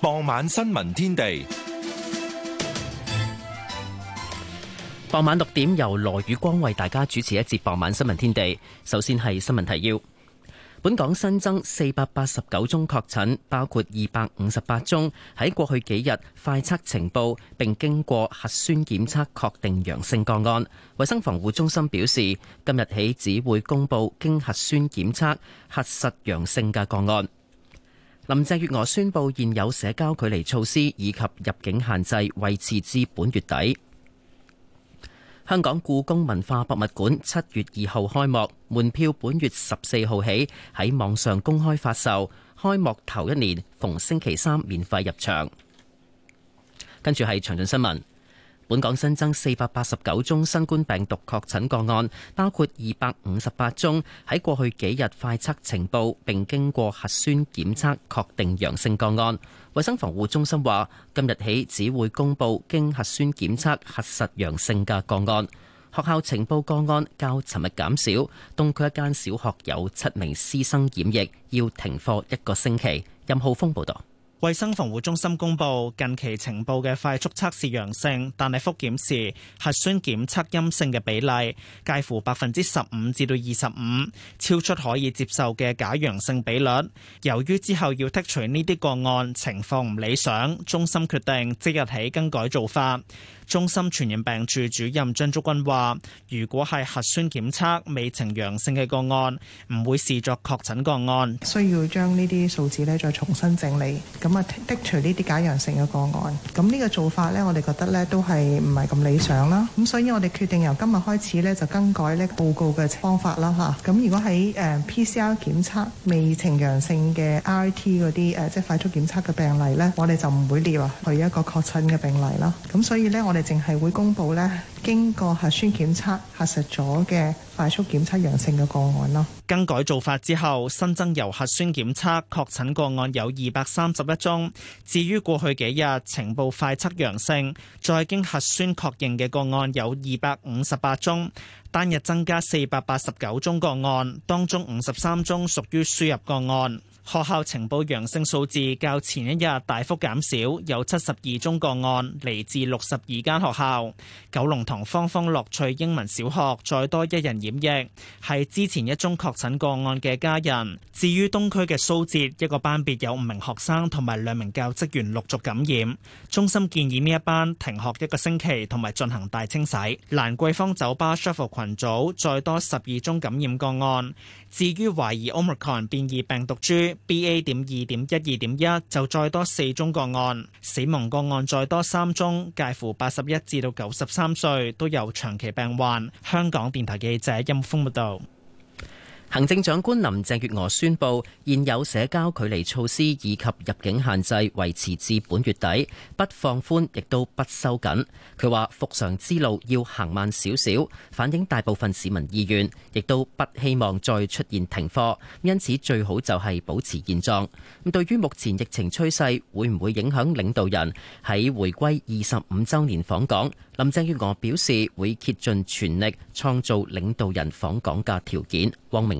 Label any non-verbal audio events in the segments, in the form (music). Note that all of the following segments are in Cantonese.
傍晚新聞天地，傍晚六點由羅宇光為大家主持一節傍晚新聞天地。首先係新聞提要：本港新增四百八十九宗確診，包括二百五十八宗喺過去幾日快測情報，並經過核酸檢測確定陽性個案。衛生防護中心表示，今日起只會公布經核酸檢測核實陽性嘅個案。林鄭月娥宣布現有社交距離措施以及入境限制維持至本月底。香港故宮文化博物館七月二號開幕，門票本月十四號起喺網上公開發售。開幕頭一年逢星期三免費入場。跟住係詳盡新聞。本港新增四百八十九宗新冠病毒確診個案，包括二百五十八宗喺過去幾日快測呈報並經過核酸檢測確定陽性個案。衛生防護中心話，今日起只會公布經核酸檢測核實陽性嘅個案。學校呈報個案較尋日減少，東區一間小學有七名師生染疫，要停課一個星期。任浩峰報道。衛生防護中心公布近期呈報嘅快速測試陽性，但係復檢時核酸檢測陰性嘅比例介乎百分之十五至到二十五，超出可以接受嘅假陽性比率。由於之後要剔除呢啲個案，情況唔理想，中心決定即日起更改做法。中心傳染病處主任張竹君話，如果係核酸檢測未呈陽性嘅個案，唔會視作確診個案，需要將呢啲數字咧再重新整理，咁啊剔除呢啲假陽性嘅個案。咁呢個做法咧，我哋覺得咧都係唔係咁理想啦。咁所以我哋決定由今日開始咧就更改呢報告嘅方法啦。吓，咁如果喺誒 PCR 檢測未呈陽性嘅 RT 嗰啲誒即係快速檢測嘅病例咧，我哋就唔會列啊去一個確診嘅病例啦。咁所以咧我哋。淨係會公布咧，經過核酸檢測核實咗嘅快速檢測陽性嘅個案咯。更改做法之後，新增由核酸檢測確診個案有二百三十一宗。至於過去幾日呈報快測陽性再經核酸確認嘅個案有二百五十八宗，單日增加四百八十九宗個案，當中五十三宗屬於輸入個案。學校情報陽性數字較前一日大幅減少，有七十二宗個案嚟自六十二間學校。九龍塘方方樂趣英文小學再多一人染疫，係之前一宗確診個案嘅家人。至於東區嘅蘇浙一個班別有五名學生同埋兩名教職員陸續感染，中心建議呢一班停學一個星期同埋進行大清洗。蘭桂坊酒吧 Shuffle 群組再多十二宗感染個案。至於懷疑 Omicron 變異病毒株 BA. 點二點一二點一，就再多四宗個案，死亡個案再多三宗，介乎八十一至到九十三歲都有長期病患。香港電台記者任峯報道。行政長官林鄭月娥宣布，現有社交距離措施以及入境限制維持至本月底，不放寬亦都不收緊。佢話復常之路要行慢少少，反映大部分市民意願，亦都不希望再出現停課，因此最好就係保持現狀。咁對於目前疫情趨勢，會唔會影響領導人喺回歸二十五週年訪港？林鄭月娥表示會竭盡全力創造領導人訪港嘅條件。汪明。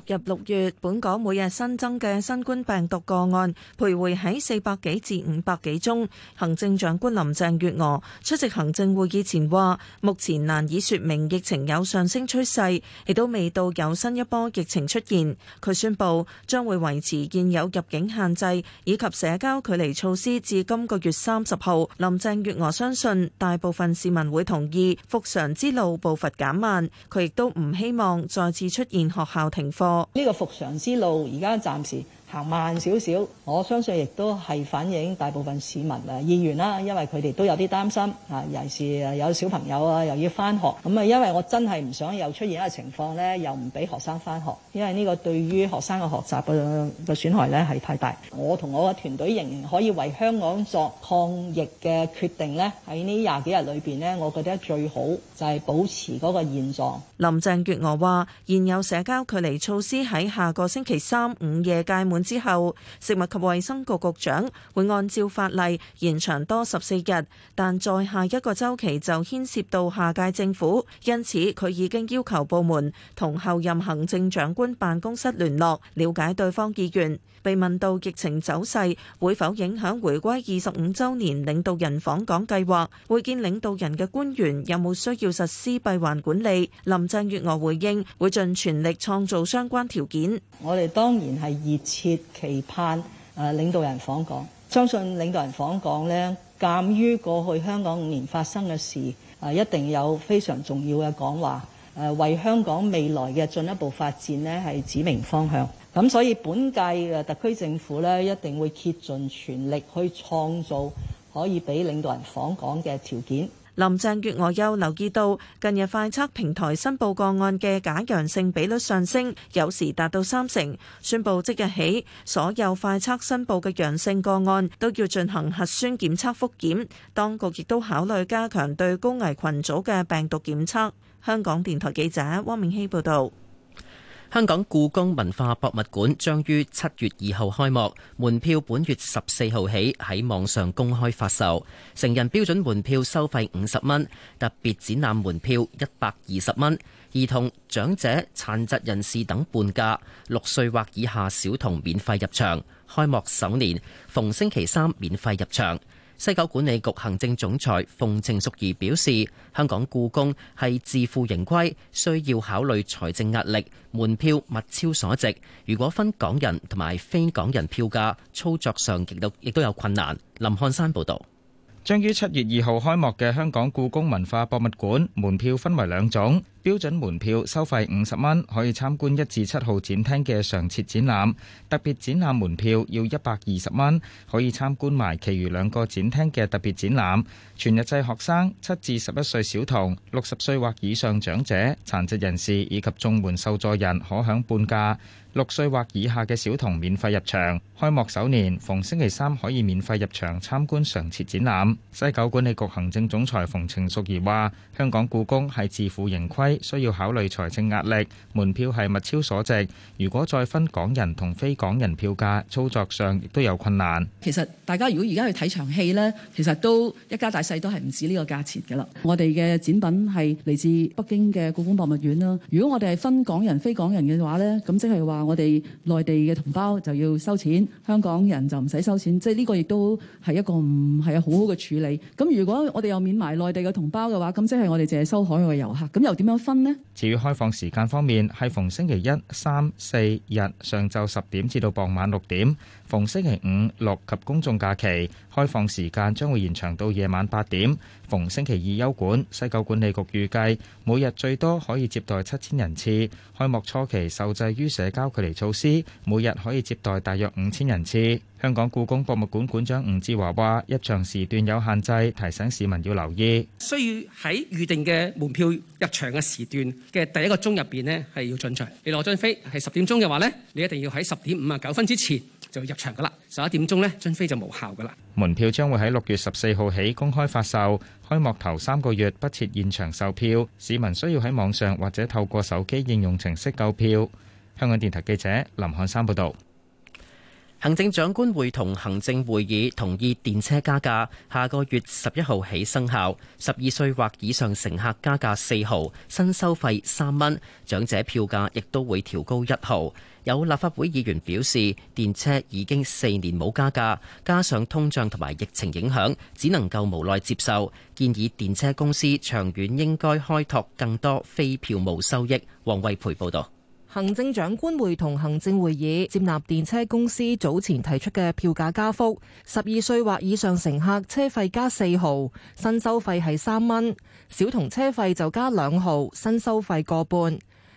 踏入六月，本港每日新增嘅新冠病毒個案徘徊喺四百幾至五百幾宗。行政長官林鄭月娥出席行政會議前話，目前難以說明疫情有上升趨勢，亦都未到有新一波疫情出現。佢宣布將會維持現有入境限制以及社交距離措施至今個月三十號。林鄭月娥相信大部分市民會同意復常之路步伐減慢，佢亦都唔希望再次出現學校停課。呢個復常之路，而家暫時， (music) 行慢少少，我相信亦都係反映大部分市民嘅意願啦，因為佢哋都有啲擔心啊，尤其是有小朋友啊，又要返學，咁啊，因為我真係唔想又出現一個情況咧，又唔俾學生返學，因為呢個對於學生嘅學習嘅嘅損害咧係太大。我同我嘅團隊仍然可以為香港作抗疫嘅決定咧，喺呢廿幾日裏邊咧，我覺得最好就係保持嗰個現狀。林鄭月娥話現有社交距離措施喺下個星期三午夜屆滿。之後，食物及衛生局局長會按照法例延長多十四日，但在下一個周期就牽涉到下屆政府，因此佢已經要求部門同候任行政長官辦公室聯絡，了解對方意願。被問到疫情走勢會否影響回歸二十五周年領導人訪港計劃，會見領導人嘅官員有冇需要實施閉環管理，林鄭月娥回應會盡全力創造相關條件。我哋當然係熱切，期盼誒領導人訪港，相信領導人訪港呢，鑑於過去香港五年發生嘅事，誒一定有非常重要嘅講話，誒為香港未來嘅進一步發展呢係指明方向。咁所以本屆嘅特區政府呢，一定會竭盡全力去創造可以俾領導人訪港嘅條件。林鄭月娥又留意到，近日快測平台申報個案嘅假陽性比率上升，有時達到三成。宣布即日起，所有快測申報嘅陽性個案都要進行核酸檢測復檢。當局亦都考慮加強對高危群組嘅病毒檢測。香港電台記者汪明希報導。香港故宮文化博物館將於七月二號開幕，門票本月十四號起喺網上公開發售，成人標準門票收費五十蚊，特別展覽門票一百二十蚊，兒童、長者、殘疾人士等半價，六歲或以下小童免費入場。開幕首年，逢星期三免費入場。西九管理局行政總裁馮程淑儀表示，香港故宮係自負盈虧，需要考慮財政壓力。門票物超所值，如果分港人同埋非港人票價，操作上極度亦都有困難。林漢山報道。將於七月二號開幕嘅香港故宮文化博物館門票分為兩種，標準門票收費五十蚊，可以參觀一至七號展廳嘅常設展覽；特別展覽門票要一百二十蚊，可以參觀埋其餘兩個展廳嘅特別展覽。全日制學生、七至十一歲小童、六十歲或以上長者、殘疾人士以及綜援受助人可享半價。六歲或以下嘅小童免費入場。開幕首年逢星期三可以免費入場參觀常設展覽。西九管理局行政總裁馮程淑儀話，香港故宮係自負盈虧，需要考慮財政壓力，門票係物超所值。如果再分港人同非港人票價，操作上亦都有困難。其實大家如果而家去睇場戲呢，其實都一家大細都係唔止呢個價錢噶啦。我哋嘅展品係嚟自北京嘅故宮博物院啦。如果我哋係分港人、非港人嘅話呢，咁即係話。我哋內地嘅同胞就要收錢，香港人就唔使收錢，即係呢個亦都係一個唔係好好嘅處理。咁如果我哋又免埋內地嘅同胞嘅話，咁即係我哋淨係收海外遊客，咁又點樣分呢？至於開放時間方面，係逢星期一、三、四、日上晝十點至到傍晚六點，逢星期五、六及公眾假期，開放時間將會延長到夜晚八點，逢星期二休館。西九管理局預計每日最多可以接待七千人次。開幕初期受制於社交距離措施，每日可以接待大約五千人次。香港故宮博物館館長吳志華話，入場時段有限制，提醒市民要留意。需要喺預定嘅門票入場嘅時段嘅第一個鐘入邊咧，係要進場。你攞張飛係十點鐘嘅話呢，你一定要喺十點五啊九分之前，就入場㗎喇！十一點鐘呢，張飛就無效㗎喇。門票將會喺六月十四號起公開發售，開幕頭三個月不設現場售票，市民需要喺網上或者透過手機應用程式購票。香港電台記者林漢山報導。行政長官會同行政會議同意電車加價，下個月十一號起生效。十二歲或以上乘客加價四毫，新收費三蚊，長者票價亦都會調高一毫。有立法會議員表示，電車已經四年冇加價，加上通脹同埋疫情影響，只能夠無奈接受。建議電車公司長遠應該開拓更多非票務收益。黃慧培報道。行政長官會同行政會議接納電車公司早前提出嘅票價加幅，十二歲或以上乘客車費加四毫，新收費係三蚊；小童車費就加兩毫，新收費個半；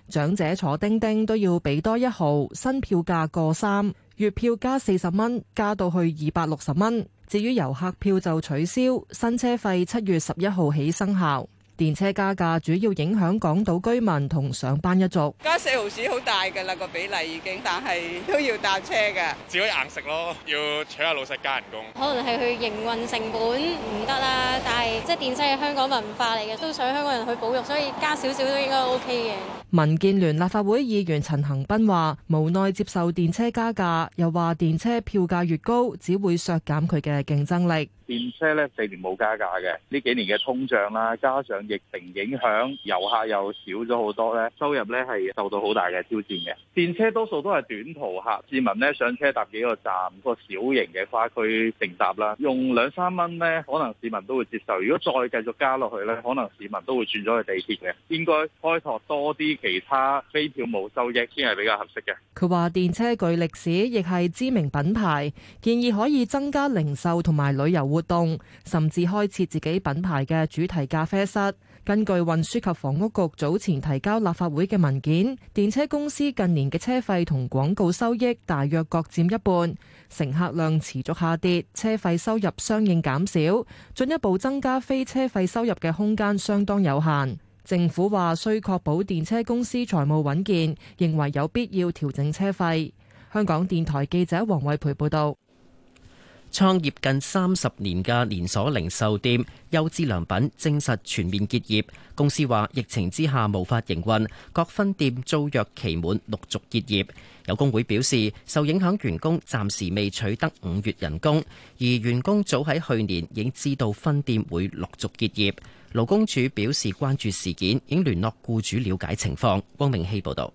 長者坐叮叮都要俾多一毫，新票價個三；月票加四十蚊，加到去二百六十蚊。至於遊客票就取消，新車費七月十一號起生效。電車加價主要影響港島居民同上班一族，加四毫子好大噶啦，個比例已經，但係都要搭車噶，只好硬食咯。要請下老細加人工，可能係佢營運成本唔得啦，但係即係電車係香港文化嚟嘅，都想香港人去保育，所以加少少都應該 OK 嘅。民建聯立法會議員陳恒鑌話，無奈接受電車加價，又話電車票價越高，只會削減佢嘅競爭力。電車呢四年冇加價嘅，呢幾年嘅通脹啦，加上。疫情影響遊客又少咗好多咧，收入咧係受到好大嘅挑戰嘅。電車多數都係短途客，市民咧上車搭幾個站，個小型嘅跨區乘搭啦，用兩三蚊咧，可能市民都會接受。如果再繼續加落去咧，可能市民都會轉咗去地鐵嘅。應該開拓多啲其他非票務收益先係比較合適嘅。佢話電車具歷史亦係知名品牌，建議可以增加零售同埋旅遊活動，甚至開設自己品牌嘅主題咖啡室。根據運輸及房屋局早前提交立法會嘅文件，電車公司近年嘅車費同廣告收益大約各佔一半，乘客量持續下跌，車費收入相應減少，進一步增加非車費收入嘅空間相當有限。政府話需確保電車公司財務穩健，認為有必要調整車費。香港電台記者黃惠培報道。創業近三十年嘅連鎖零售店優之良品證實全面結業。公司話疫情之下無法營運，各分店租約期滿陸續結業。有工會表示，受影響員工暫時未取得五月人工，而員工早喺去年已經知道分店會陸續結業。勞工處表示關注事件，已聯絡僱主了解情況。汪明希報導。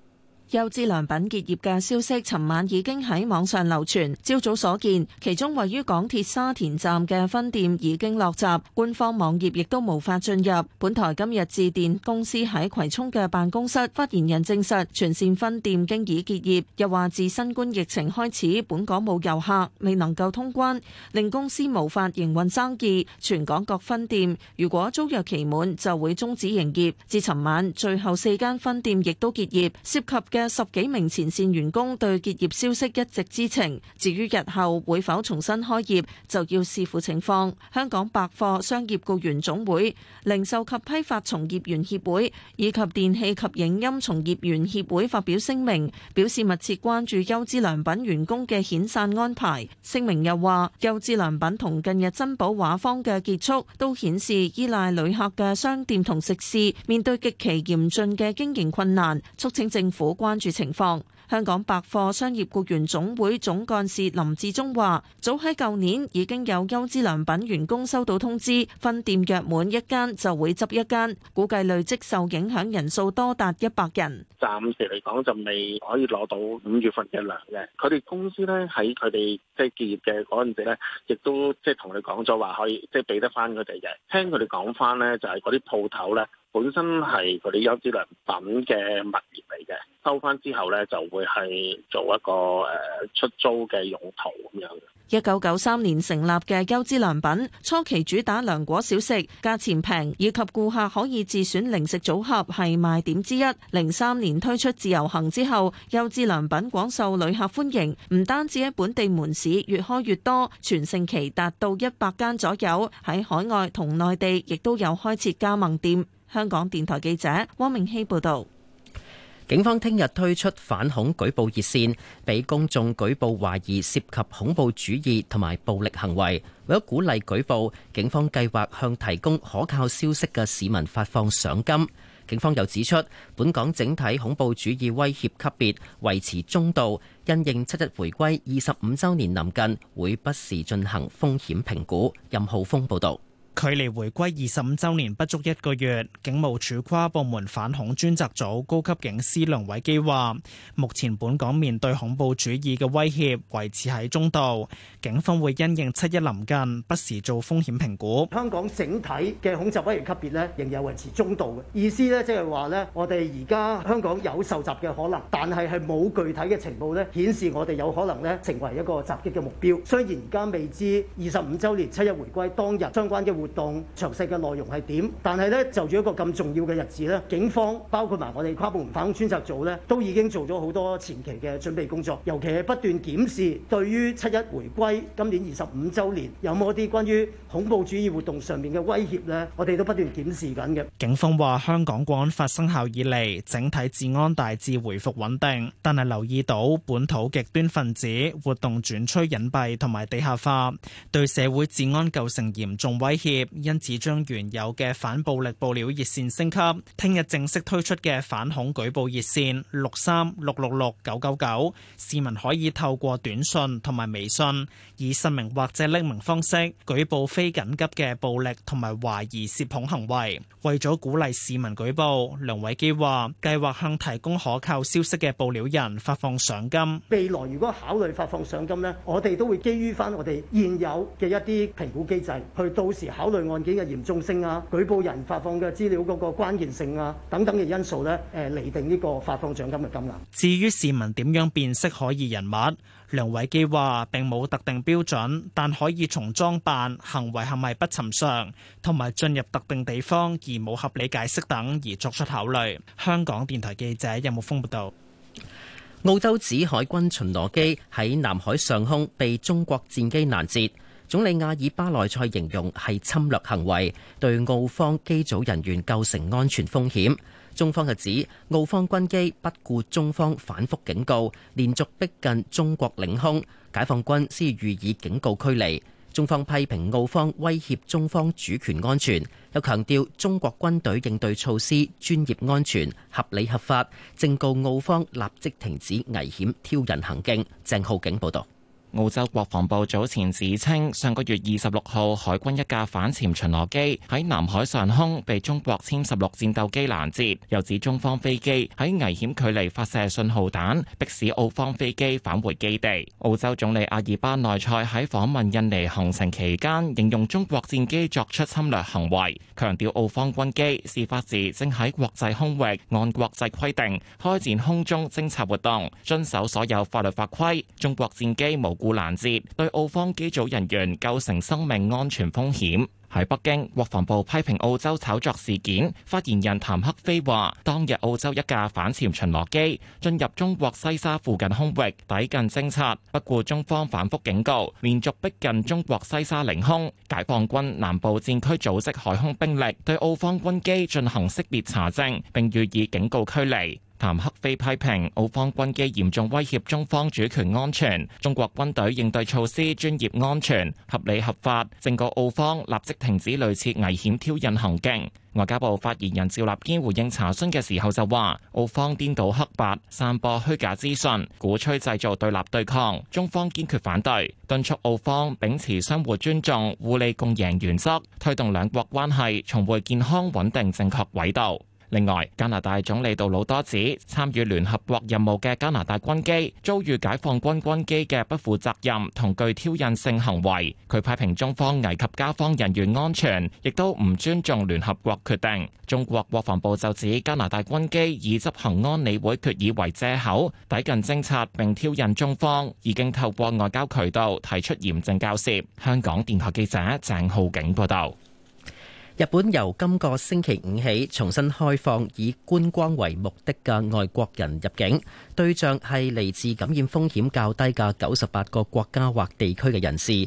優之良品結業嘅消息，尋晚已經喺網上流傳。朝早所見，其中位於港鐵沙田站嘅分店已經落閘，官方網頁亦都無法進入。本台今日致電公司喺葵涌嘅辦公室，發言人證實全線分店經已結業。又話自新冠疫情開始，本港冇遊客，未能夠通關，令公司無法營運生意。全港各分店如果租約期滿，就會終止營業。至尋晚，最後四間分店亦都結業，涉及嘅。嘅十幾名前線員工對結業消息一直知情，至於日後會否重新開業就要視乎情況。香港百貨商業僱員總會、零售及批發從業員協會以及電器及影音從業員協會發表聲明，表示密切關注優之良品員工嘅遣散安排。聲明又話，優之良品同近日珍寶畫坊嘅結束，都顯示依賴旅客嘅商店同食肆面對極其嚴峻嘅經營困難，促請政府關。關注情況，香港百貨商業僱員總會總幹事林志忠話，早喺舊年已經有優之良品員工收到通知，分店約滿一間就會執一間，估計累積受影響人數多達一百人。暫時嚟講就未可以攞到五月份嘅糧嘅，佢哋公司咧喺佢哋即係結業嘅嗰陣時咧，亦都即係同你講咗話可以即係俾得翻佢哋嘅。聽佢哋講翻咧，就係嗰啲鋪頭咧。本身係佢啲優質良品嘅物業嚟嘅，收翻之後咧就會，係做一個誒出租嘅用途咁樣。一九九三年成立嘅優質良品，初期主打涼果小食，價錢平，以及顧客可以自選零食組合係賣點之一。零三年推出自由行之後，優質良品廣受旅客歡迎，唔單止喺本地門市越開越多，全盛期達到一百間左右。喺海外同內地亦都有開設加盟店。香港電台記者汪明希報道，警方聽日推出反恐舉報熱線，俾公衆舉報懷疑涉及恐怖主義同埋暴力行為。為咗鼓勵舉報，警方計劃向提供可靠消息嘅市民發放賞金。警方又指出，本港整體恐怖主義威脅級別維持中度，因應七一回歸二十五周年臨近，會不時進行風險評估。任浩峰報道。距離回歸二十五週年不足一個月，警務處跨部門反恐專責組高級警司梁偉基話：目前本港面對恐怖主義嘅威脅維持喺中度，警方會因應七一臨近，不時做風險評估。香港整體嘅恐襲威脅級別呢，仍有維持中度嘅意思呢，即係話呢，我哋而家香港有受襲嘅可能，但係係冇具體嘅情報呢顯示我哋有可能呢成為一個襲擊嘅目標。雖然而家未知二十五週年七一回歸當日相關嘅活活動詳細嘅內容係點？但係咧，就住一個咁重要嘅日子咧，警方包括埋我哋跨部門反恐專責組呢都已經做咗好多前期嘅準備工作。尤其係不斷檢視對於七一回歸今年二十五週年有冇一啲關於恐怖主義活動上面嘅威脅呢，我哋都不斷檢視緊嘅。警方話，香港《國安法》生效以嚟，整體治安大致回復穩定，但係留意到本土極端分子活動轉趨隱蔽同埋地下化，對社會治安構成嚴重威脅。因此將原有嘅反暴力報料熱線升級，聽日正式推出嘅反恐舉報熱線六三六六六九九九，市民可以透過短信同埋微信以實名或者匿名方式舉報非緊急嘅暴力同埋懷疑涉恐行為。為咗鼓勵市民舉報，梁偉基話計劃向提供可靠消息嘅報料人發放賞金。未來如果考慮發放賞金呢，我哋都會基於翻我哋現有嘅一啲評估機制去到時。考慮案件嘅嚴重性啊、舉報人發放嘅資料嗰個關鍵性啊等等嘅因素咧，誒釐定呢個發放獎金嘅金額。至於市民點樣辨識可疑人物，梁偉基話並冇特定標準，但可以從裝扮、行為係咪不尋常、同埋進入特定地方而冇合理解釋等而作出考慮。香港電台記者任木峰報道。澳洲紫海軍巡邏機喺南海上空被中國戰機攔截。總理亞爾巴內塞形容係侵略行為，對澳方機組人員構成安全風險。中方又指，澳方軍機不顧中方反覆警告，連續逼近中國領空，解放軍先予以警告驅離。中方批評澳方威脅中方主權安全，又強調中國軍隊應對措施專業、安全、合理合法，正告澳方立即停止危險挑釁行徑。鄭浩景報道。澳洲國防部早前指稱，上個月二十六號海軍一架反潛巡邏機喺南海上空被中國殲十六戰鬥機攔截，又指中方飛機喺危險距離發射信號彈，迫使澳方飛機返回基地。澳洲總理阿爾巴內塞喺訪問印尼行程期間，形容中國戰機作出侵略行為，強調澳方軍機事發時正喺國際空域，按國際規定開展空中偵察活動，遵守所有法律法規。中國戰機無故攔截對澳方機組人員構成生命安全風險。喺北京，國防部批評澳洲炒作事件。發言人譚克非話：當日澳洲一架反潛巡邏機進入中國西沙附近空域，抵近偵察，不顧中方反覆警告，連續逼近中國西沙領空。解放軍南部戰區組織海空兵力對澳方軍機進行識別查證，並予以警告驅離。譚克非批評澳方軍機嚴重威脅中方主權安全，中國軍隊應對措施專業、安全、合理、合法，正告澳方立即停止類似危險挑釁行徑。外交部發言人趙立堅回應查詢嘅時候就話，澳方顛倒黑白、散播虛假資訊、鼓吹製造對立對抗，中方堅決反對，敦促澳方秉持相互尊重、互利共贏原則，推動兩國關係重回健康穩定正確軌道。另外，加拿大總理杜魯多指，參與聯合國任務嘅加拿大軍機遭遇解放軍軍機嘅不負責任同具挑釁性行為，佢批評中方危及加方人員安全，亦都唔尊重聯合國決定。中國國防部就指，加拿大軍機以執行安理會決議為借口，抵近偵察並挑釁中方，已經透過外交渠道提出嚴正交涉，香港電台記者鄭浩景報道。日本由今個星期五起重新開放以觀光為目的嘅外國人入境，對象係嚟自感染風險較低嘅九十八個國家或地區嘅人士。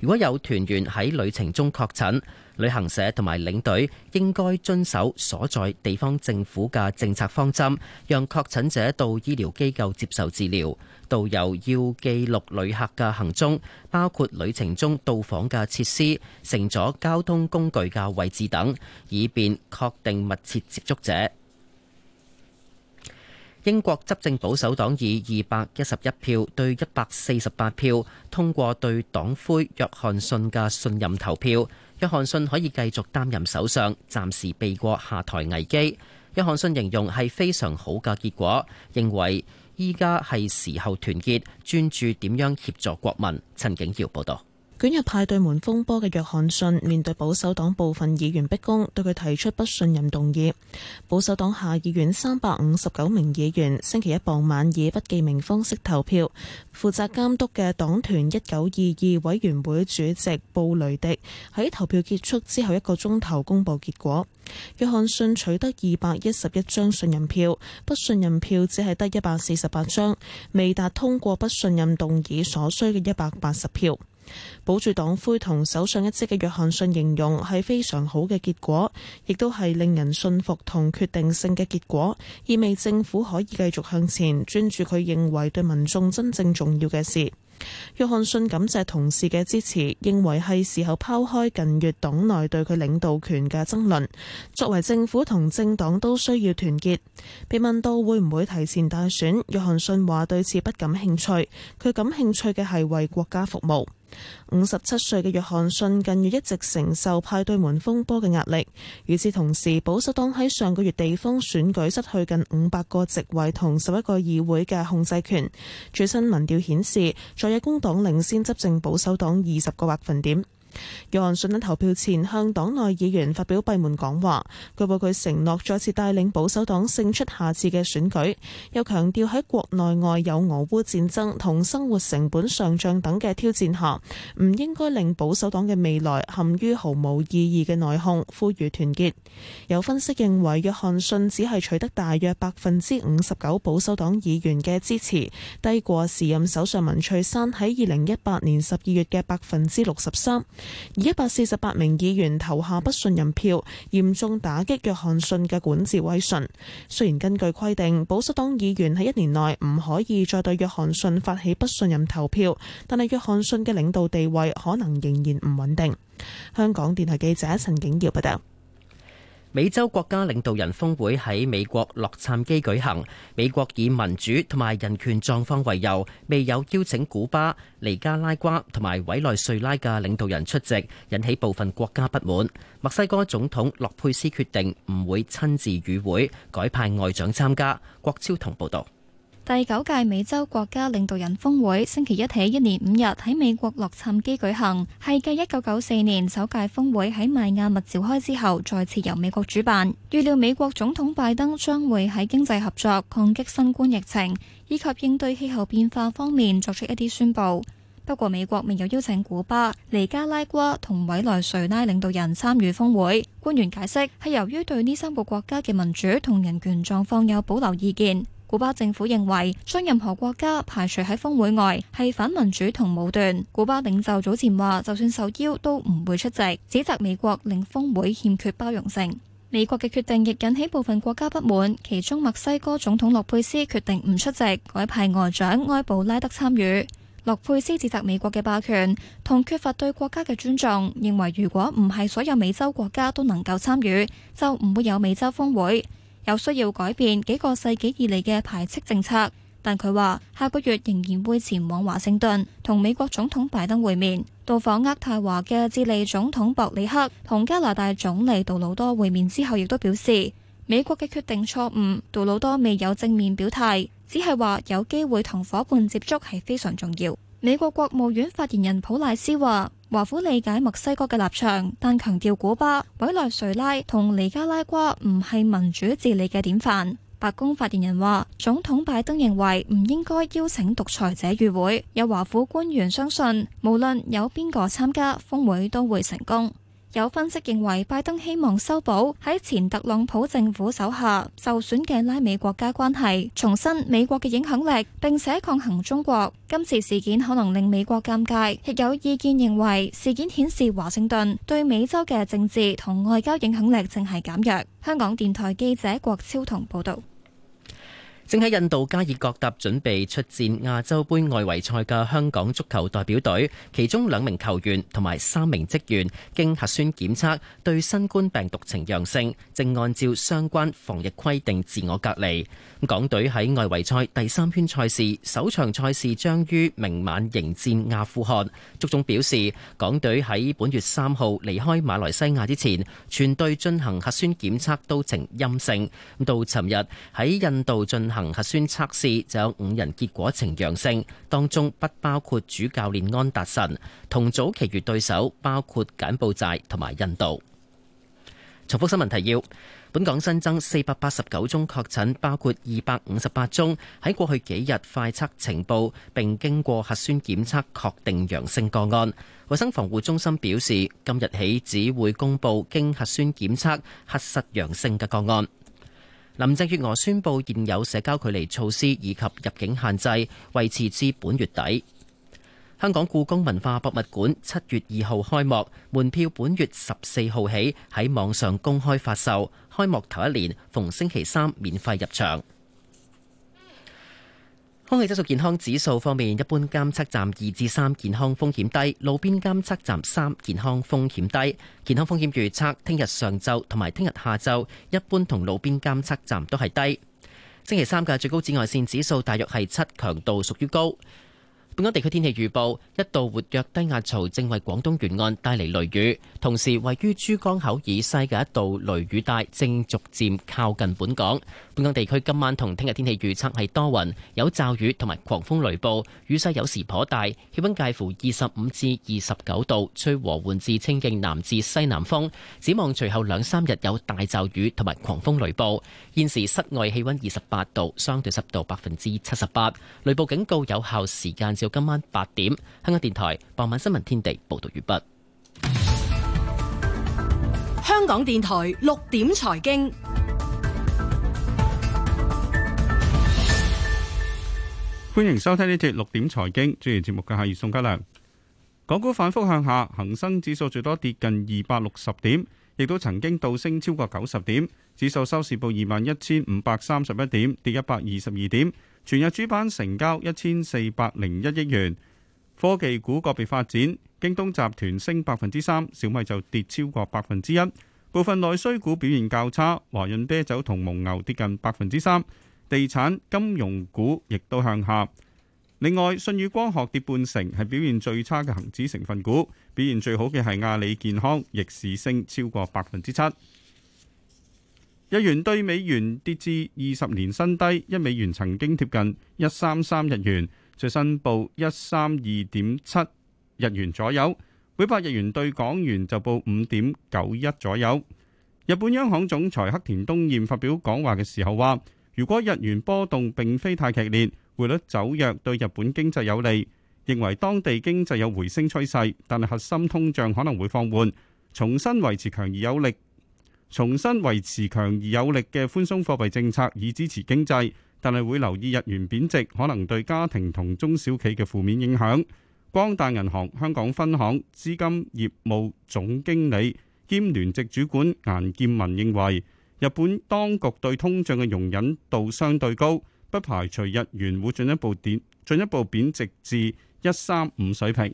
如果有團員喺旅程中確診，旅行社同埋領隊應該遵守所在地方政府嘅政策方針，讓確診者到醫療機構接受治療。導遊要記錄旅客嘅行蹤，包括旅程中到訪嘅設施、乘坐交通工具嘅位置等，以便確定密切接觸者。英國執政保守黨以二百一十一票對一百四十八票通過對黨魁約翰遜嘅信任投票，約翰遜可以繼續擔任首相，暫時避過下台危機。約翰遜形容係非常好嘅結果，認為依家係時候團結，專注點樣協助國民。陳景堯報道。捲入派對門風波嘅約翰遜，面對保守黨部分議員逼宮，對佢提出不信任動議。保守黨下議院三百五十九名議員星期一傍晚以不記名方式投票。負責監督嘅黨團一九二二委員會主席布雷迪喺投票結束之後一個鐘頭公布結果。約翰遜取得二百一十一張信任票，不信任票只係得一百四十八張，未達通過不信任動議所需嘅一百八十票。保住黨魁同首相一職嘅約翰遜形容係非常好嘅結果，亦都係令人信服同決定性嘅結果，意味政府可以繼續向前，專注佢認為對民眾真正重要嘅事。約翰遜感謝同事嘅支持，認為係時候拋開近月黨內對佢領導權嘅爭論。作為政府同政黨都需要團結。被問到會唔會提前大選，約翰遜話對此不感興趣。佢感興趣嘅係為國家服務。五十七歲嘅約翰遜近月一直承受派對門風波嘅壓力，與此同時，保守黨喺上個月地方選舉失去近五百個席位同十一個議會嘅控制權。最新民調顯示，在野工黨領先執政保守黨二十個百分點。約翰遜喺投票前向黨內議員發表閉門講話，據報佢承諾再次帶領保守黨勝出下次嘅選舉，又強調喺國內外有俄烏戰爭同生活成本上漲等嘅挑戰下，唔應該令保守黨嘅未來陷於毫無意義嘅內訌，呼籲團結。有分析認為，約翰遜只係取得大約百分之五十九保守黨議員嘅支持，低過時任首相文翠珊喺二零一八年十二月嘅百分之六十三。而一百四十八名議員投下不信任票，嚴重打擊約翰遜嘅管治威信。雖然根據規定，保守黨議員喺一年內唔可以再對約翰遜發起不信任投票，但係約翰遜嘅領導地位可能仍然唔穩定。香港電台記者陳景耀報道。美洲國家領導人峰會喺美國洛杉磯舉行，美國以民主同埋人權狀況為由，未有邀請古巴、尼加拉瓜同埋委內瑞拉嘅領導人出席，引起部分國家不滿。墨西哥總統洛佩斯決定唔會親自與會，改派外長參加。郭超同報導。第九屆美洲國家領導人峰會星期一起一連五日喺美國洛杉磯舉行，係繼一九九四年首屆峰會喺邁亞密召開之後，再次由美國主辦。預料美國總統拜登將會喺經濟合作、抗擊新冠疫情以及應對氣候變化方面作出一啲宣布。不過，美國未有邀請古巴、尼加拉瓜同委內瑞拉領導人參與峰會。官員解釋係由於對呢三個國家嘅民主同人權狀況有保留意見。古巴政府認為將任何國家排除喺峰會外係反民主同武斷，古巴領袖早前話就算受邀都唔會出席，指責美國令峰會欠缺包容性。美國嘅決定亦引起部分國家不滿，其中墨西哥總統洛佩斯決定唔出席，改派外長埃布拉德參與，洛佩斯指責美國嘅霸權同缺乏對國家嘅尊重，認為如果唔係所有美洲國家都能夠參與，就唔會有美洲峰會。有需要改變幾個世紀以嚟嘅排斥政策，但佢話下個月仍然會前往華盛頓同美國總統拜登會面。到訪渥太華嘅智利總統博里克同加拿大總理杜魯多會面之後，亦都表示美國嘅決定錯誤。杜魯多未有正面表態，只係話有機會同伙伴接觸係非常重要。美國國務院發言人普賴斯話：華府理解墨西哥嘅立場，但強調古巴、委內瑞拉同尼加拉瓜唔係民主治理嘅典範。白宮發言人話：總統拜登認為唔應該邀請獨裁者與會。有華府官員相信，無論有邊個參加，峰會都會成功。有分析認為，拜登希望修補喺前特朗普政府手下受損嘅拉美國家關係，重申美國嘅影響力，並且抗衡中國。今次事件可能令美國尷尬。亦有意見認為，事件顯示華盛頓對美洲嘅政治同外交影響力正係減弱。香港電台記者郭超同報道。正喺印度加爾各答準備出戰亞洲盃外圍賽嘅香港足球代表隊，其中兩名球員同埋三名職員經核酸檢測對新冠病毒呈陽性，正按照相關防疫規定自我隔離。港隊喺外圍賽第三圈賽事首場賽事將於明晚迎戰阿富汗。足總表示，港隊喺本月三號離開馬來西亞之前，全隊進行核酸檢測都呈陰性，到尋日喺印度進行。核核酸測試就有五人結果呈陽性，當中不包括主教練安達臣。同組其餘對手包括柬埔寨同埋印度。重複新聞提要：本港新增四百八十九宗確診，包括二百五十八宗喺過去幾日快測呈報，並經過核酸檢測確定陽性個案。衛生防護中心表示，今日起只會公布經核酸檢測核實陽性嘅個案。林鄭月娥宣布現有社交距離措施以及入境限制維持至本月底。香港故宮文化博物館七月二號開幕，門票本月十四號起喺網上公開發售，開幕頭一年逢星期三免費入場。空氣質素健康指數方面，一般監測站二至三，健康風險低；路邊監測站三，健康風險低。健康風險預測，聽日上晝同埋聽日下晝，一般同路邊監測站都係低。星期三嘅最高紫外線指數大約係七，強度屬於高。本港地區天氣預報：一道活躍低壓槽正為廣東沿岸帶嚟雷雨，同時位於珠江口以西嘅一道雷雨帶正逐漸靠近本港。本港地區今晚同聽日天氣預測係多雲，有驟雨同埋狂風雷暴，雨勢有時頗大，氣溫介乎二十五至二十九度，吹和緩至清勁南至西南風。展望隨後兩三日有大驟雨同埋狂風雷暴。現時室外氣溫二十八度，相對濕度百分之七十八，雷暴警告有效時間今晚八點，香港電台傍晚新聞天地報道完畢。香港電台六點財經，歡迎收聽呢節六點財經。主持節目嘅係宋家良。港股反覆向下，恒生指數最多跌近二百六十點，亦都曾經倒升超過九十點。指數收市報二萬一千五百三十一點，跌一百二十二點。全日主板成交一千四百零一億元，科技股個別發展，京東集團升百分之三，小米就跌超過百分之一。部分內需股表現較差，華潤啤酒同蒙牛跌近百分之三，地產、金融股亦都向下。另外，舜宇光學跌半成，係表現最差嘅恒指成分股。表現最好嘅係阿里健康，逆市升超過百分之七。日元對美元跌至二十年新低，一美元曾經貼近一三三日元，最新報一三二點七日元左右。每百日元對港元就報五點九一左右。日本央行總裁黑田東彥發表講話嘅時候話，如果日元波動並非太劇烈，匯率走弱對日本經濟有利，認為當地經濟有回升趨勢，但係核心通脹可能會放緩，重新維持強而有力重新維持強而有力嘅寬鬆貨幣政策以支持經濟，但係會留意日元貶值可能對家庭同中小企嘅負面影響。光大銀行香港分行資金業務總經理兼聯席主管顏建文認為，日本當局對通脹嘅容忍度相對高，不排除日元會進一步跌，進一步貶值至一三五水平。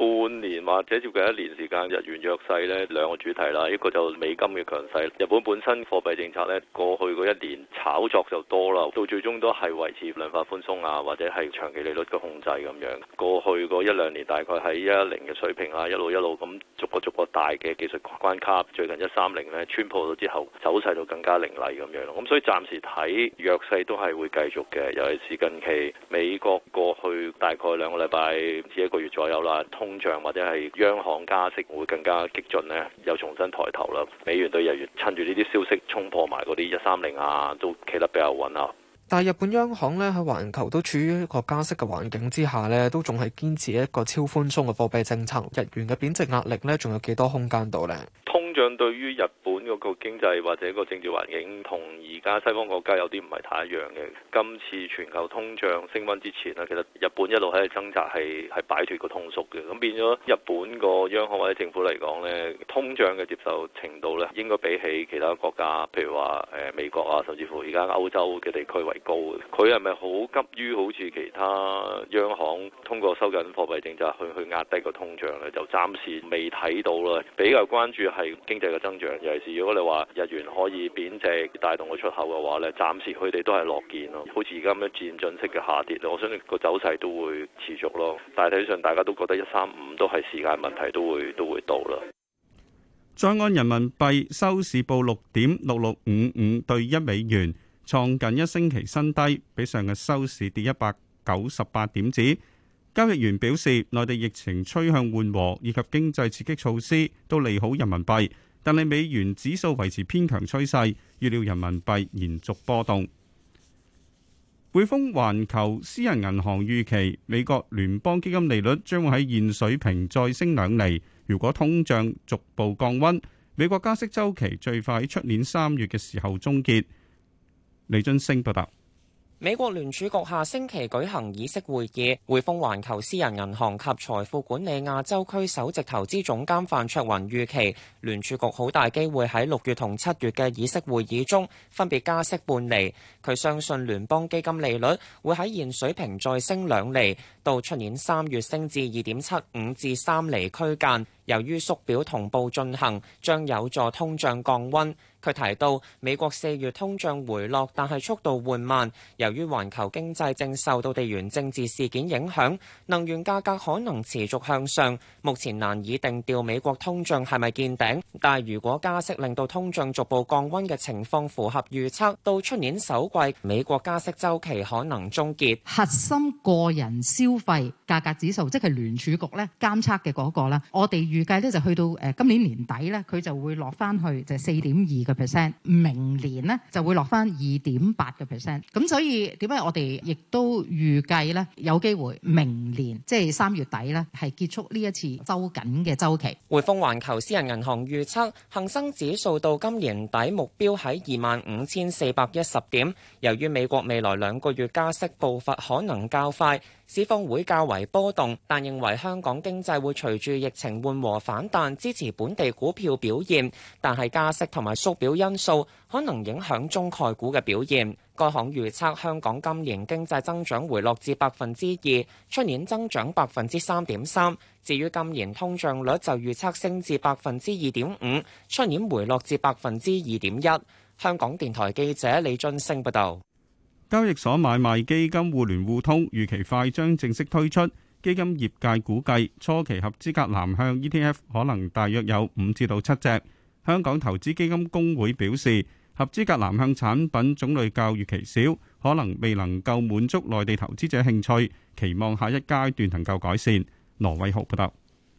半年或者接近一年時間，日元弱勢咧兩個主題啦，一個就美金嘅強勢，日本本身貨幣政策咧過去嗰一年炒作就多啦，到最終都係維持量化寬鬆啊，或者係長期利率嘅控制咁樣。過去嗰一兩年大概喺一一零嘅水平啦，一路一路咁逐個逐個大嘅技術關卡，最近一三零咧穿破咗之後走勢就更加凌厲咁樣咯。咁所以暫時睇弱勢都係會繼續嘅，尤其是近期美國過去大概兩個禮拜至一個月左右啦，通。通脹或者係央行加息會更加激進呢？又重新抬頭啦。美元對日元趁住呢啲消息衝破埋嗰啲一三零啊，都企得比較穩下。但係日本央行咧喺環球都處於一個加息嘅環境之下咧，都仲係堅持一個超寬鬆嘅貨幣政策。日元嘅貶值壓力咧，仲有幾多空間度呢？相對於日本嗰個經濟或者個政治環境，同而家西方國家有啲唔係太一樣嘅。今次全球通脹升溫之前咧，其實日本一路喺度掙扎，係係擺脫個通縮嘅。咁變咗日本個央行或者政府嚟講呢，通脹嘅接受程度咧，應該比起其他國家，譬如話誒美國啊，甚至乎而家歐洲嘅地區為高。佢係咪好急於好似其他央行通過收緊貨幣政策去去壓低個通脹呢？就暫時未睇到啦。比較關注係。經濟嘅增長，尤其是如果你話日元可以貶值，帶動個出口嘅話咧，暫時佢哋都係落見咯，好似而家咁樣漸進式嘅下跌，我相信個走勢都會持續咯。大體上大家都覺得一三五都係時間問題，都會都會到啦。在岸人民幣收市報六點六六五五對一美元，創近一星期新低，比上日收市跌一百九十八點子。交易員表示，內地疫情趨向緩和以及經濟刺激措施都利好人民幣，但係美元指數維持偏強趨勢，預料人民幣延續波動。匯豐環球私人銀行預期，美國聯邦基金利率將會喺現水平再升兩厘，如果通脹逐步降溫，美國加息周期最快出年三月嘅時候終結。李津升報道。美國聯儲局下星期舉行議息會議，匯豐環球私人銀行及財富管理亞洲區首席投資總監范卓雲預期聯儲局好大機會喺六月同七月嘅議息會議中分別加息半厘。佢相信聯邦基金利率會喺現水平再升兩厘，到出年三月升至二點七五至三厘區間。由於縮表同步進行，將有助通脹降温。佢提到美國四月通脹回落，但係速度緩慢。由於環球經濟正受到地緣政治事件影響，能源價格可能持續向上。目前難以定調美國通脹係咪見頂。但係如果加息令到通脹逐步降温嘅情況符合預測，到出年首季美國加息週期可能終結。核心個人消費價格指數即係聯儲局咧監測嘅嗰個啦，我哋預計咧就去到誒今年年底咧，佢就會落翻去就四點二。percent 明年呢就會落翻二點八嘅 percent，咁所以點解我哋亦都預計呢，有機會明年即係三月底呢係結束呢一次收緊嘅週期。匯豐環球私人銀行預測恒生指數到今年底目標喺二萬五千四百一十點，由於美國未來兩個月加息步伐可能較快。市況會較為波動，但認為香港經濟會隨住疫情緩和反彈，支持本地股票表現。但係加息同埋縮表因素可能影響中概股嘅表現。該行預測香港今年經濟增長回落至百分之二，出年增長百分之三點三。至於今年通脹率就預測升至百分之二點五，出年回落至百分之二點一。香港電台記者李津升報導。交易所買賣基金互聯互通，預期快將正式推出。基金業界估計初期合資格南向 ETF 可能大約有五至到七隻。香港投資基金公會表示，合資格南向產品種類較預期少，可能未能夠滿足內地投資者興趣，期望下一階段能夠改善。羅偉豪報道，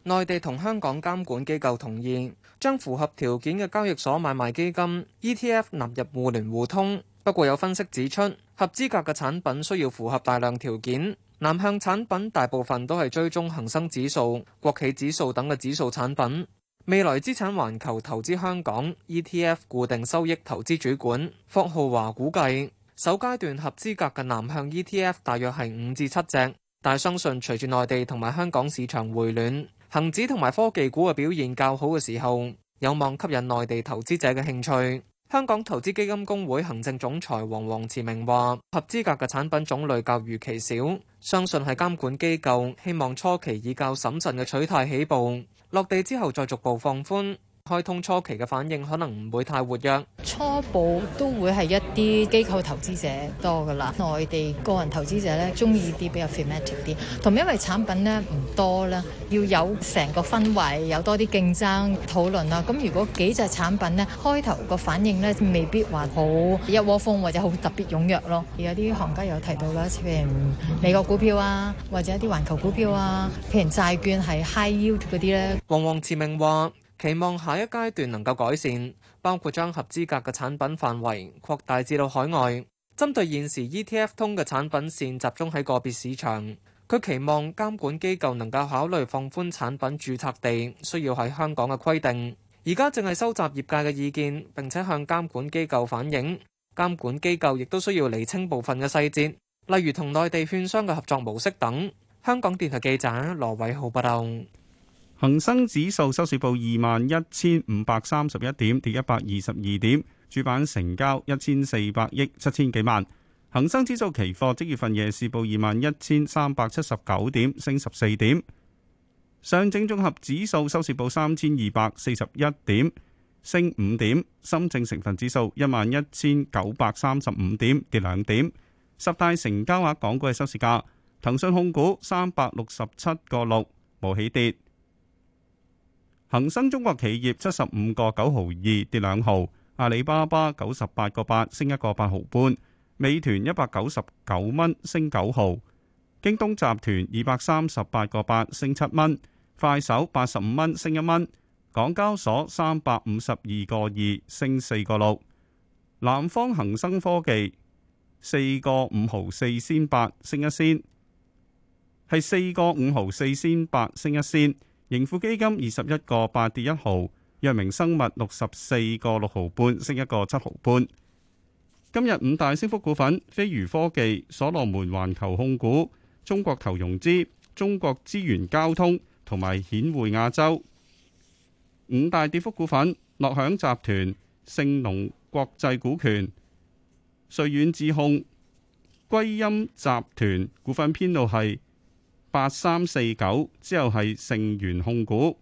內地同香港監管機構同意將符合條件嘅交易所買賣基金 ETF 納入互聯互通。不過有分析指出，合資格嘅產品需要符合大量條件，南向產品大部分都係追蹤恒生指數、國企指數等嘅指數產品。未來資產環球投資香港 ETF 固定收益投資主管霍浩華估計，首階段合資格嘅南向 ETF 大約係五至七隻，但相信隨住內地同埋香港市場回暖，恒指同埋科技股嘅表現較好嘅時候，有望吸引內地投資者嘅興趣。香港投資基金公會行政總裁黃黃慈明話：合資格嘅產品種類較預期少，相信係監管機構希望初期以較審慎嘅取態起步，落地之後再逐步放寬。開通初期嘅反應可能唔會太活躍，初步都會係一啲機構投資者多噶啦，內地個人投資者咧中意啲比較 fit 啲，同埋因為產品咧唔多啦，要有成個氛圍，有多啲競爭討論啦。咁如果幾隻產品咧，開頭個反應咧，未必話好一窩蜂或者好特別踴躍咯。而有啲行家有提到啦，譬如美國股票啊，或者一啲環球股票啊，譬如債券係 high yield 嗰啲咧，王宏致命話。期望下一階段能夠改善，包括將合資格嘅產品範圍擴大至到海外。針對現時 ETF 通嘅產品線集中喺個別市場，佢期望監管機構能夠考慮放寬產品注冊地需要喺香港嘅規定。而家正係收集業界嘅意見，並且向監管機構反映。監管機構亦都需要厘清部分嘅細節，例如同內地券商嘅合作模式等。香港電台記者羅偉浩報道。恒生指數收市報二萬一千五百三十一點，跌一百二十二點。主板成交一千四百億七千幾萬。恒生指數期貨即月份夜市報二萬一千三百七十九點，升十四點。上證綜合指數收市報三千二百四十一點，升五點。深證成分指數一萬一千九百三十五點，跌兩點。十大成交額港股嘅收市價，騰訊控股三百六十七個六，冇起跌。恒生中國企業七十五個九毫二跌兩毫，阿里巴巴九十八個八升一個八毫半，美團一百九十九蚊升九毫，京東集團二百三十八個八升七蚊，快手八十五蚊升一蚊，港交所三百五十二個二升四個六，南方恒生科技四個五毫四仙八升一仙，係，四個五毫四仙八升一仙。盈富基金二十一個八跌一毫，藥明生物六十四個六毫半，升一個七毫半。今日五大升幅股份：飛魚科技、所羅門環球控股、中國投融資、中國資源交通同埋顯匯亞洲。五大跌幅股份：樂享集團、盛隆國際股權、瑞遠智控、歸音集團股份。編號係。八三四九之後係盛元控股。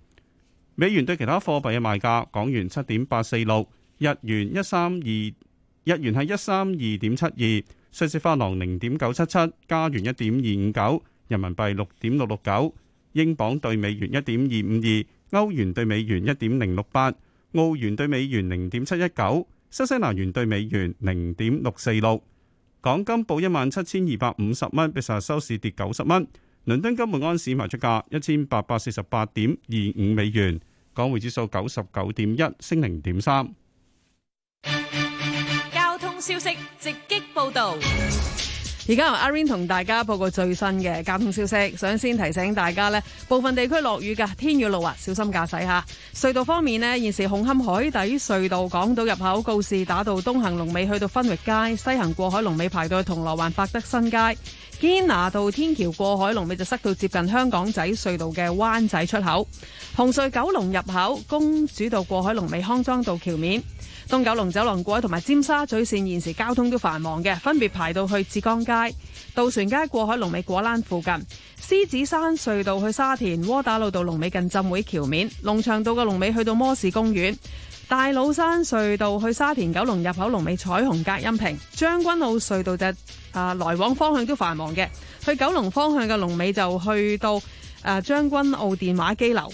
美元對其他貨幣嘅賣價：港元七點八四六，日元一三二，日元係一三二點七二，瑞士法郎零點九七七，加元一點二五九，人民幣六點六六九，英鎊對美元一點二五二，歐元對美元一點零六八，澳元對美元零點七一九，新西蘭元對美元零點六四六。港金報一萬七千二百五十蚊，比上日收市跌九十蚊。倫敦金每安士賣出價一千八百四十八點二五美元，港匯指數九十九點一升零點三。交通消息直擊報道，而家由阿 Rain 同大家報個最新嘅交通消息。想先提醒大家呢，部分地區落雨嘅天雨路滑，小心駕駛吓。隧道方面呢，現時紅磡海底隧道港島入口告示打到東行龍尾去到分域街，西行過海龍尾排到銅鑼灣百德新街。堅拿道天橋過海龍尾就塞到接近香港仔隧道嘅灣仔出口，紅隧九龍入口公主道過海龍尾康莊道橋面，東九龍走廊過海同埋尖沙咀線現時交通都繁忙嘅，分別排到去浙江街、渡船街過海龍尾果欄附近，獅子山隧道去沙田窩打老道龍尾近浸會橋面，龍翔道嘅龍尾去到摩士公園。大老山隧道去沙田九龍入口龍尾彩虹隔音屏，將軍澳隧道就啊來往方向都繁忙嘅，去九龍方向嘅龍尾就去到啊將軍澳電話機樓，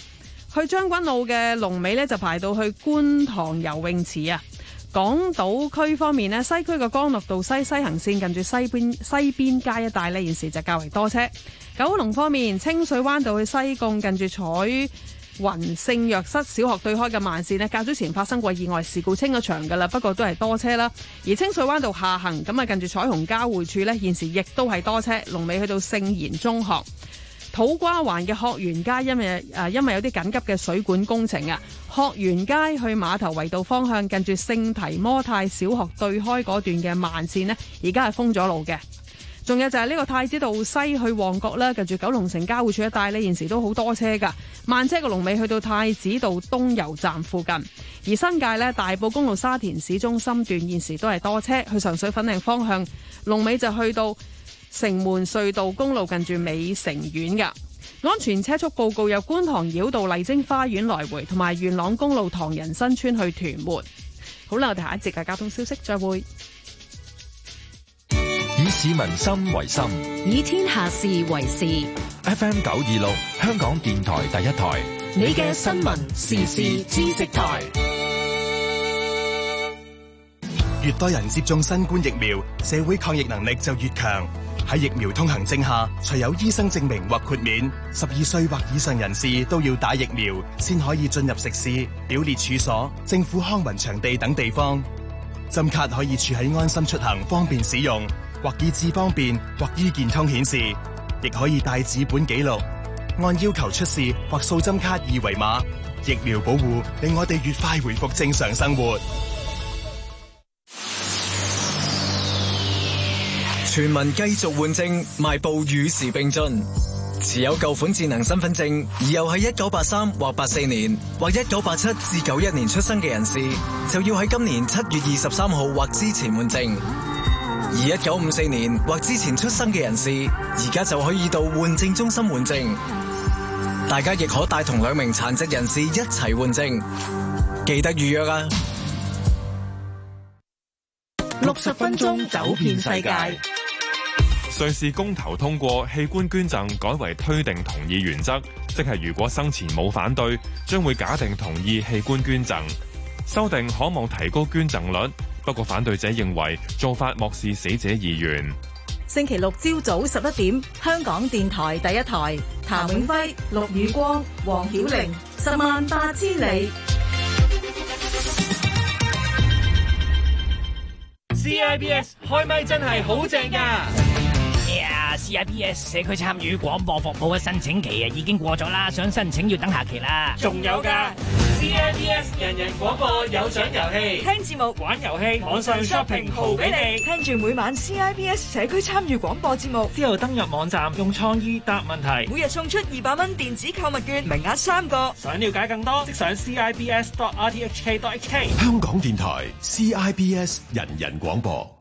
去將軍澳嘅龍尾咧就排到去觀塘游泳池啊！港島區方面呢，西區嘅江綠道干諾道西西行線近住西邊西邊街一帶呢，現時就較為多車。九龍方面，清水灣道去西貢近住彩雲盛藥室小學對開嘅慢線咧，較早前發生過意外事故，清咗場噶啦。不過都係多車啦。而清水灣道下行咁啊，近住彩虹交匯處呢，現時亦都係多車。龍尾去到聖賢中學土瓜灣嘅學園街，因為誒、呃、因為有啲緊急嘅水管工程啊，學園街去碼頭圍道方向，近住聖提摩太小學對開嗰段嘅慢線呢，而家係封咗路嘅。仲有就係呢個太子道西去旺角啦，近住九龍城交匯處一帶呢，現時都好多車噶。慢車個龍尾去到太子道東油站附近，而新界呢，大埔公路沙田市中心段現時都係多車，去上水粉嶺方向龍尾就去到城門隧道公路近住美城苑噶。安全車速報告，由觀塘繞道麗晶花園來回，同埋元朗公路唐人新村去屯門。好啦，我哋下一節嘅交通消息，再會。市民心為心，以天下事為事。FM 九二六，香港電台第一台，你嘅新聞時事知識台。越多人接種新冠疫苗，社會抗疫能力就越強。喺疫苗通行證下，除有醫生證明或豁免，十二歲或以上人士都要打疫苗，先可以進入食肆、表列處所、政府康文場地等地方。針卡可以儲喺安心出行，方便使用。或易置方便，或醫健康顯示，亦可以帶紙本記錄，按要求出示或掃針卡二維碼。疫苗保護令我哋越快回復正常生活。全民繼續換證，邁步與時並進。持有舊款智能身份證，而又喺一九八三或八四年或一九八七至九一年出生嘅人士，就要喺今年七月二十三號或之前換證。而一九五四年或之前出生嘅人士，而家就可以到換證中心換證。大家亦可帶同兩名殘疾人士一齊換證，記得預約啊！六十分鐘走遍世界。瑞士公投通過器官捐贈改為推定同意原則，即係如果生前冇反對，將會假定同意器官捐贈。修訂可望提高捐贈率。不過，反對者認為做法漠視死者意願。星期六朝早十一點，香港電台第一台，譚永輝、陸宇光、黃曉玲，十萬八千里。CIBS 開咪真係好正㗎啊！CIBS 社區參與廣播服務嘅申請期啊，已經過咗啦，想申請要等下期啦。仲有㗎，CIBS 人人廣播有獎遊戲，聽節目、玩遊戲、網上 shopping，號俾你。聽住每晚 CIBS 社區參與廣播節目之後，登入網站用創意答問題，每日送出二百蚊電子購物券，名額三個。想了解更多，即上 CIBS.RTHK.HK。香港電台 CIBS 人人廣播。